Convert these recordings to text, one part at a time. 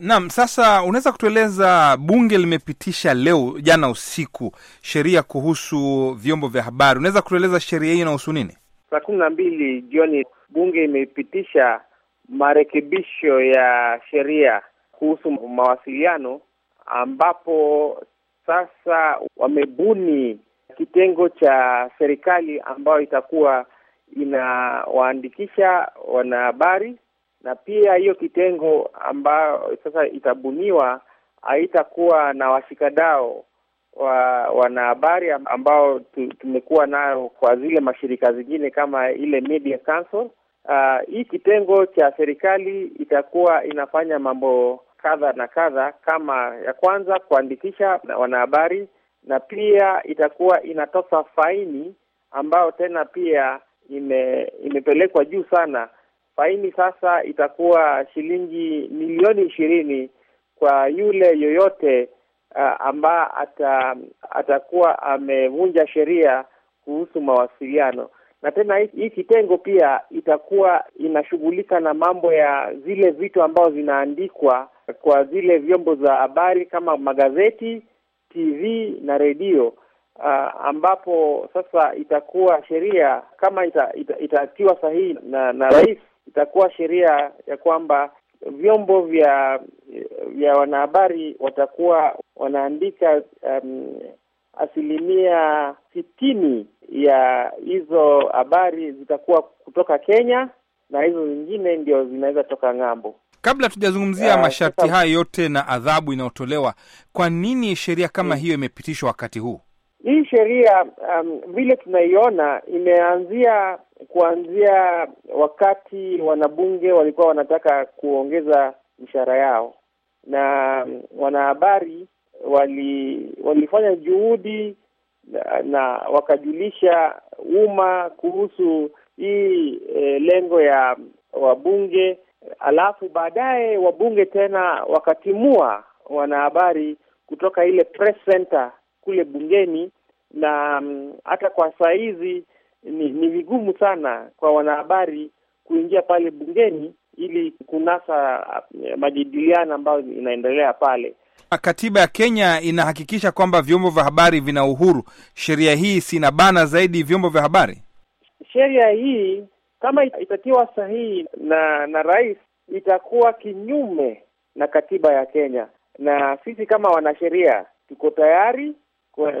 Naam, sasa unaweza kutueleza, bunge limepitisha leo jana usiku sheria kuhusu vyombo vya habari. Unaweza kutueleza sheria hii inahusu nini? Saa kumi na mbili jioni bunge imepitisha marekebisho ya sheria kuhusu mawasiliano, ambapo sasa wamebuni kitengo cha serikali ambayo itakuwa inawaandikisha wanahabari na pia hiyo kitengo ambayo sasa itabuniwa haitakuwa na washikadao wa wanahabari ambao tumekuwa nayo kwa zile mashirika zingine kama ile Media Council. Uh, hii kitengo cha serikali itakuwa inafanya mambo kadha na kadha, kama ya kwanza kuandikisha wanahabari, na pia itakuwa inatosa faini ambayo tena pia ime, imepelekwa juu sana faini sasa itakuwa shilingi milioni ishirini kwa yule yoyote uh, ambaye ata, atakuwa amevunja sheria kuhusu mawasiliano. Na tena hii kitengo pia itakuwa inashughulika na mambo ya zile vitu ambazo zinaandikwa kwa zile vyombo za habari kama magazeti, TV na redio. Uh, ambapo sasa itakuwa sheria kama ita, ita, sahihi na, na rais itakuwa sheria ya kwamba vyombo vya vya wanahabari watakuwa wanaandika um, asilimia sitini ya hizo habari zitakuwa kutoka Kenya na hizo zingine ndio zinaweza toka ng'ambo. Kabla tujazungumzia uh, masharti haya yote na adhabu inayotolewa, kwa nini sheria kama hmm, hiyo imepitishwa wakati huu? Hii sheria um, vile tunaiona imeanzia kuanzia wakati wanabunge walikuwa wanataka kuongeza mishahara yao, na wanahabari wali, walifanya juhudi na, na wakajulisha umma kuhusu hii e, lengo ya wabunge, alafu baadaye wabunge tena wakatimua wanahabari kutoka ile press center kule bungeni, na mm, hata kwa saa hizi ni, ni vigumu sana kwa wanahabari kuingia pale bungeni ili kunasa eh, majadiliano ambayo inaendelea pale. Ah, katiba ya Kenya inahakikisha kwamba vyombo vya habari vina uhuru. Sheria hii sina bana zaidi vyombo vya habari. Sheria hii kama itatiwa sahihi na na rais, itakuwa kinyume na katiba ya Kenya, na sisi kama wanasheria tuko tayari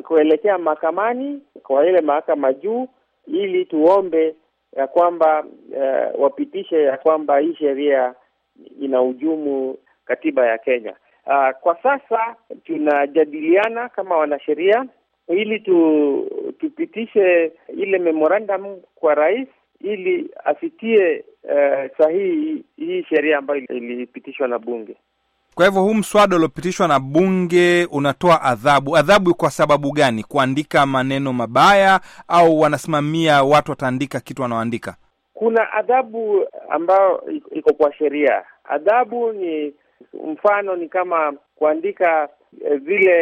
kuelekea mahakamani kwa ile mahakama juu ili tuombe ya kwamba uh, wapitishe ya kwamba hii sheria ina hujumu katiba ya Kenya. Uh, kwa sasa tunajadiliana kama wanasheria ili tu, tupitishe ile memorandum kwa rais ili asitie uh, sahihi hii sheria ambayo ilipitishwa na bunge. Kwa hivyo huu mswada uliopitishwa na bunge unatoa adhabu. Adhabu kwa sababu gani? Kuandika maneno mabaya, au wanasimamia watu wataandika kitu wanaoandika? Kuna adhabu ambayo iko kwa sheria. Adhabu ni mfano, ni kama kuandika eh, vile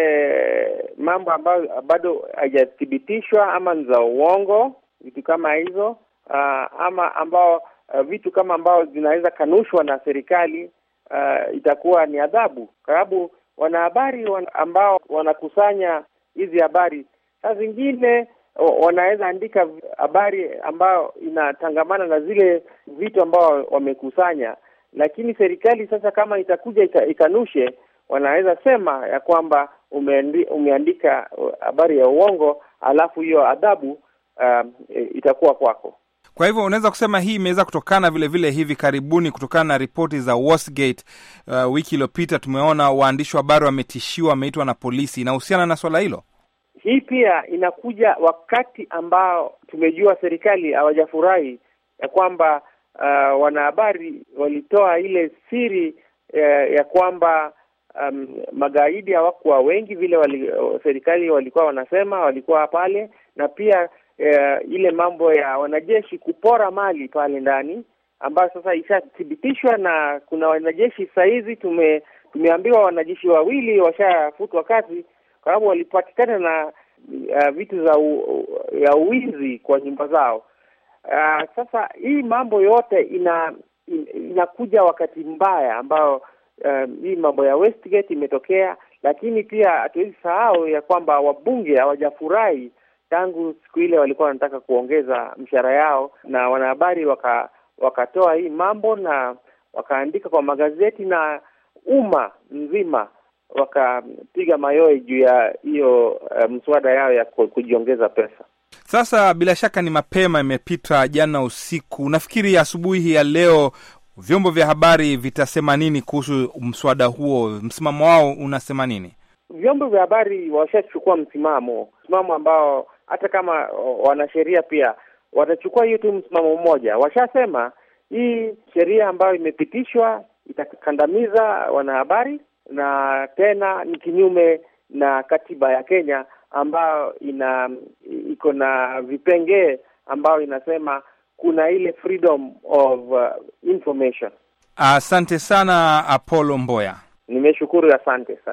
mambo ambayo bado hajathibitishwa ama ni za uongo, vitu kama hizo, ah, ama ambao eh, vitu kama ambao zinaweza kanushwa na serikali uh, itakuwa ni adhabu, sababu wanahabari wan, ambao wanakusanya hizi habari saa zingine wanaweza andika habari ambayo inatangamana na zile vitu ambao wamekusanya, lakini serikali sasa kama itakuja ita, ikanushe, wanaweza sema ya kwamba umeandika habari ya uongo, alafu hiyo adhabu um, itakuwa kwako. Kwa hivyo unaweza kusema hii imeweza kutokana vilevile vile hivi karibuni, kutokana na ripoti za Westgate. Uh, wiki iliyopita tumeona waandishi wa habari wametishiwa, wameitwa na polisi. Inahusiana na swala hilo. Hii pia inakuja wakati ambao tumejua serikali hawajafurahi ya kwamba uh, wanahabari walitoa ile siri ya, uh, ya kwamba um, magaidi hawakuwa wengi vile wali, uh, serikali walikuwa wanasema walikuwa pale, na pia eh, ile mambo ya wanajeshi kupora mali pale ndani ambayo sasa ishathibitishwa na kuna wanajeshi sahizi tume, tumeambiwa wanajeshi wawili washafutwa kazi kwa sababu walipatikana na uh, vitu za u, uh, ya uwizi kwa nyumba zao. Uh, sasa hii mambo yote ina, inakuja inakuja wakati mbaya ambao um, hii mambo ya Westgate imetokea, lakini pia hatuwezi sahau ya kwamba wabunge hawajafurahi tangu siku ile walikuwa wanataka kuongeza mshahara yao, na wanahabari waka, wakatoa hii mambo na wakaandika kwa magazeti na umma mzima wakapiga mayoe juu ya hiyo uh, mswada yao ya kujiongeza pesa. Sasa bila shaka ni mapema, imepita jana usiku. Nafikiri asubuhi hii ya leo vyombo vya habari vitasema nini kuhusu mswada huo? Msimamo wao unasema nini? Vyombo vya habari washachukua msimamo, msimamo ambao hata kama wanasheria pia watachukua hiyo tu msimamo mmoja. Washasema hii sheria ambayo imepitishwa itakandamiza wanahabari na tena ni kinyume na katiba ya Kenya ambayo ina iko na vipengee ambayo inasema kuna ile freedom of uh, information. Asante sana Apollo Mboya, nimeshukuru. Asante sana.